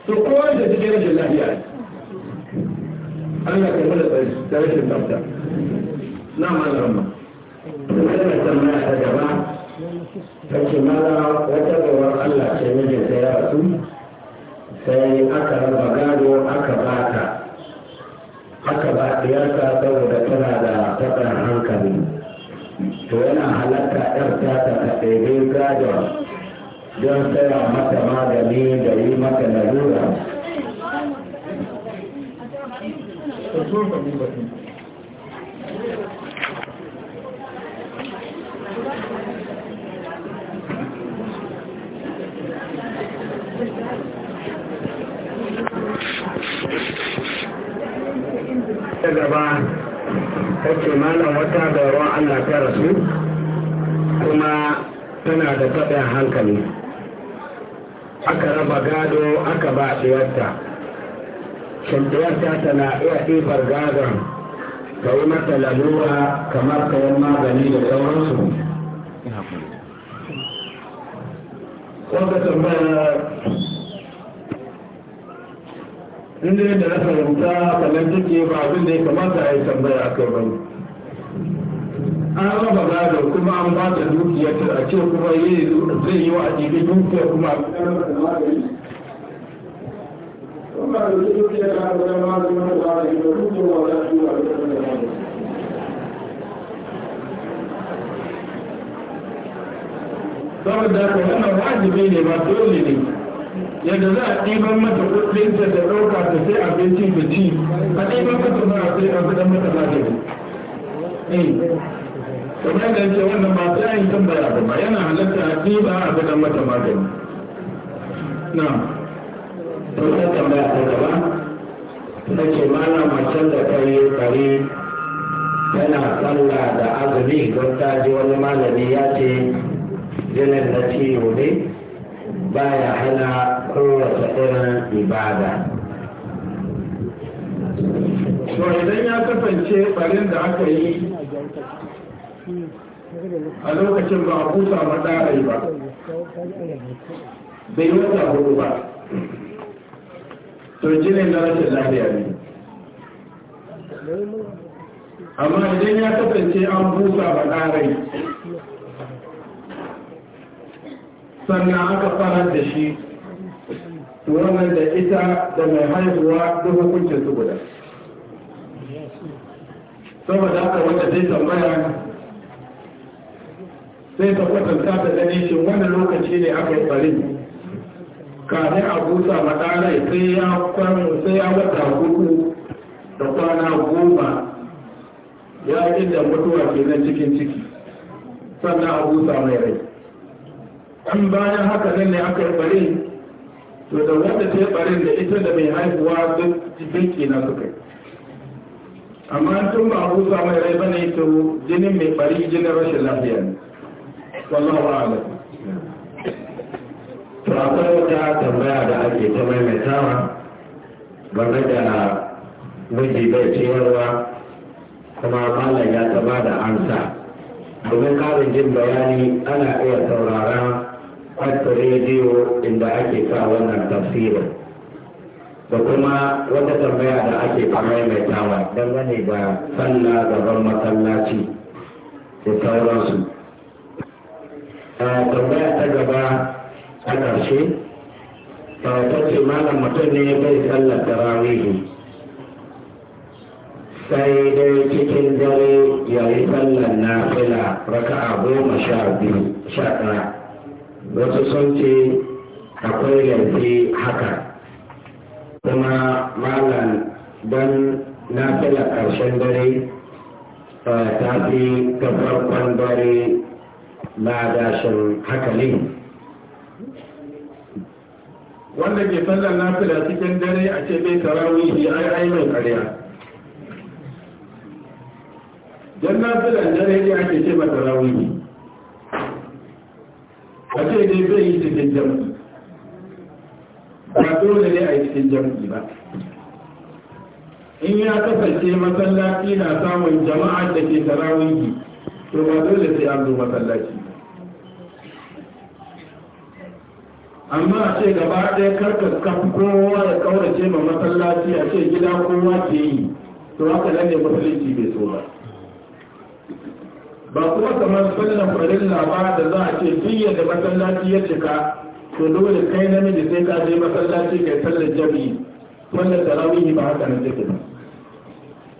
to kowai da cikin rashin lafiya ne Allah ka mana da rashin tsabta na malama wannan tambaya ta gaba ta ce mala wata gawar Allah ce mijinta ya rasu sai aka raba gado aka ba bata aka ba ta ɗiyarsa saboda da taɓin hankali to yana halatta ɗar ta ta ɗaiɗai gadon don tsaya mata magani da yi mata larura kake malam wata da ruwan Allah ta rasu kuma tana da taɓin hankali aka raba gado aka ba ɗiyarta shimfiyarta tana iya ɗibar gadon ka yi mata lalura kamar kayan magani da sauransu inda yadda na fahimta sannan take ba abin da ya kamata a yi tambaya a kai bane an raba gado kuma an ba da dukiyar a ce kuma zai yi wa a ɗibi dukiyar kuma a da ka wannan wajibi ne ba dole ne yadda za a ɗiban mata kuɗinta da ɗauka ta sai abincin da ci a ɗiban mata ba a sai a fiɗan mata magani eh, kamar da yake wannan ba ta yin tambaya ba ba yana halatta a ɗiba a fiɗan mata magani na wata tambaya ta gaba ta ce mana macen da ta yi kare tana tsalla da azumi don ta ji wani malami ya ce jinin na ciwo ne baya hana kowace irin ibada to idan ya kasance barin da aka yi a lokacin ba a kusa maɗarai ba bai yi wata hudu ba to jinin na rashin lafiya ne amma idan ya kasance an busa maɗarai sannan aka farar da shi to wannan da ita da mai haihuwa duk hukuncin su guda saboda haka wanda zai tambaya sai ta kwatanta ta gani shi wannan lokaci ne aka yi bari kafin a busa matsalai sai ya kwanu sai ya wata hudu da kwana goma ya inda mutuwa ke nan cikin ciki sannan a busa mai rai an bayan haka nan ne aka yi to da wanda ta barin da ita da mai haihuwa duk jinki na suka yi amma tun ba husa mai rai bane to jinin mai bari jinin rashin lafiya ne wallahu ala to akwai wata tambaya da ake ta maimaitawa game da miji bai ciyarwa kuma malam ya taba da ansa domin karin jin bayani ana iya saurara fasta rediyo inda ake sa wannan tafsirin da kuma wata tambaya da ake maimaitawa dangane da sallah gaban masallaci da sauransu tambaya ta gaba a ƙarshe ta ce malam mutum ne bai sallar tarawihi sai dai cikin dare yayi sallar na fila raka'a goma sha biyu sha ɗaya wasu sun ce akwai yanzu haka kuma malam don na fila ƙarshen dare ta fi ta dare na gashin haka ne wanda ke sallar nafila cikin dare a ce bai tarawihi ai ai mai ƙarya don nafilan dare ne ake ce ba ne a ce dai bai yi cikin jam'i ba dole ne a yi cikin jam'i ba in ya kasance masallaci na samun jama'a da ke tarawihi to ba dole sai an zo masallaci amma a ce gaba ɗaya kafin kowa ya kaurace ma masallaci a ce gida kowa ke yi to haka nan ne musulunci bai so ba ba kuma kamar sallan farin ba da za a ce fiye da masallaci ya cika to dole kai namiji sai ka je masallaci kai sallar jami'i wanda tarawihi ba haka nan take ba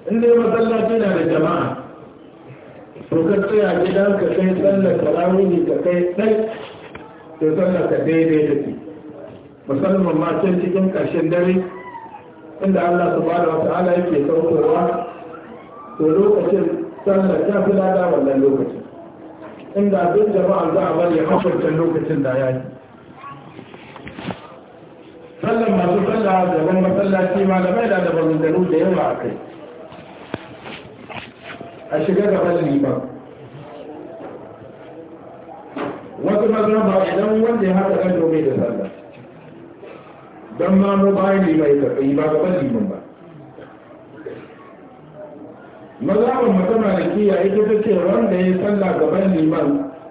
in dai masallaci na da jama'a to ka tsaya gidan ka kai sallar tarawihi ka kai sai to sallar ka daidai ke musamman ma can cikin ƙarshen dare inda Allah subhanahu wa ta'ala yake saukowa to lokacin sallar ta fi lada wannan lokacin inda duk jama'a za a bari a mafarcin lokacin da ya yi sallar masu sallah da wani masallaci malamai da da bangaru da yawa a kai a shiga gaban liman wasu mazaba idan wanda ya haɗa ɗan domin da sallah don ma mu bayan liman ya tafi ba gaban liman ba mutum mazhabar matamalikiya ita ta ce wanda ya salla gaban liman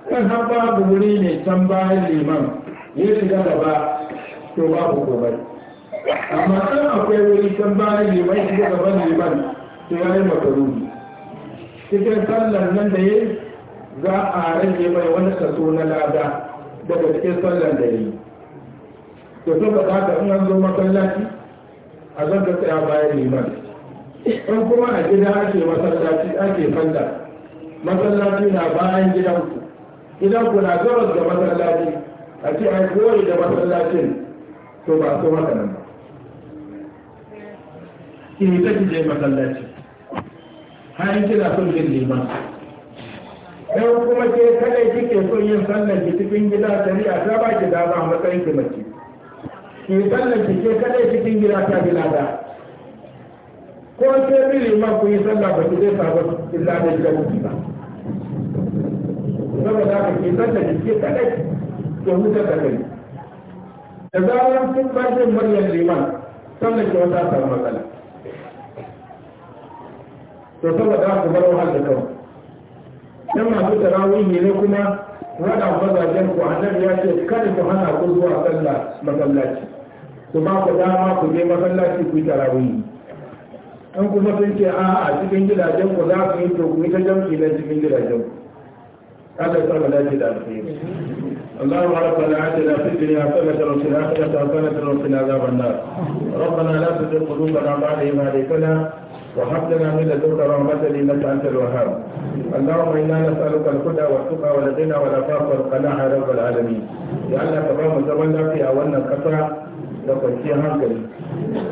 kan har babu wuri ne can bayan liman ya shiga gaba to babu komai amma kan akwai wuri can bayan liman ya shiga gaban liman to ya yi makaruni cikin sallar nan da ya za a rage mai wani kaso na lada daga cikin sallar da ya yi to saboda haka in an zo masallaci a zan tsaya bayan liman in kuma a gida ake masallaci ake falla masallaci na bayan gidanku gidanku na gabas da masallaci a ce an koyi da masallacin to ba so haka nan ba ki ta ki masallaci har kina son jin liman dan kuma ke kada kike son yin sallar ki cikin gida shari'a ta ba ki dama matsayin ki mace ki sallar ki ke kada cikin gida ta bi lada ko sai bi ma ku yi sallah ba ki zai samu illa da ga ba saboda haka ki sallah ki ke kadai to huta ta kai da zaran kun ba shi muryar liman sallah ki ta samu matsala to saboda haka bar wahal da kawai dan masu tarawihi ne kuma wada mazajen ku annabi ya ce kada ku hana ku zuwa sallah masallaci kuma ku dama ku je masallaci ku yi tarawihi an kuma sun ce a a cikin gidajen ku za ku yi to ku yi ta jamfi na cikin gidajen ku kada sa mala ji dafi Allah wa rabba la ajal la fi dunya sana tara fi akhirah ta sana tara fi azab an nar rabbana la tuzigh qulubana ba'da idh hadaytana wa hab lana min ladunka rahmatan innaka antal wahhab اللهم انا نسالك الهدى والتقى والغنى والافاق والقناعه رب العالمين لانك اللهم تولى في اول القصر da kwanciyar hankali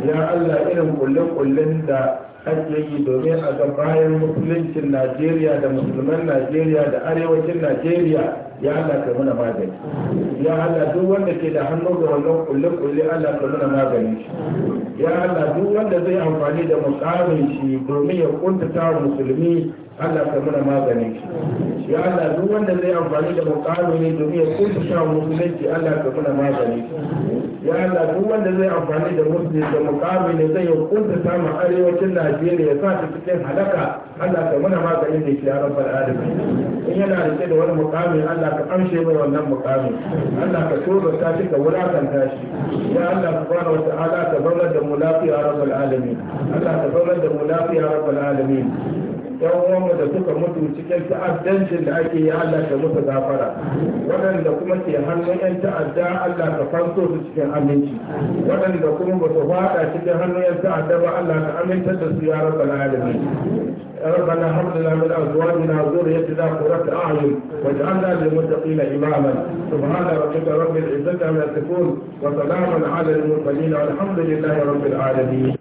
ya Allah irin kullen-kullen da ake yi domin a ga bayan musuluncin najeriya da musulman najeriya da arewacin najeriya ya allah muna magani ya allah duk wanda ke da hannu da wannan kulle kulle allah ka muna magani ya allah duk wanda zai amfani da mukamin shi domin ya kuntata wa musulmi allah ka muna magani ya allah duk wanda zai amfani da mukamin domin ya kuntata wa musulunci allah ka muna magani ya allah duk wanda zai amfani da musulmi da mukamin zai ya kuntata ma arewacin najeriya addini ya sa shi cikin halaka Allah ka muna maganin da shi ya rabbal alamin in yana rike da wani mukami Allah ka amshe mai wannan mukami Allah ka tura ta shi ka wulakanta shi ya Allah subhanahu wa ta'ala ka zaunar da mu lafiya rabbal alamin Allah ka zaunar da mu lafiya rabbal alamin yan uwanmu da suka mutu cikin ta'addancin da ake yi Allah ka musu gafara waɗanda kuma ke hannun yan ta'adda Allah ka fanso su cikin aminci waɗanda kuma ba su faɗa cikin hannun yan ta'adda ba Allah ka amintar da su ya rabbal alamin ربنا هب لنا من ازواجنا وذريتنا قرة اعين واجعلنا للمتقين اماما سبحان ربك رب العزة عما يصفون وسلام على المرسلين والحمد لله رب العالمين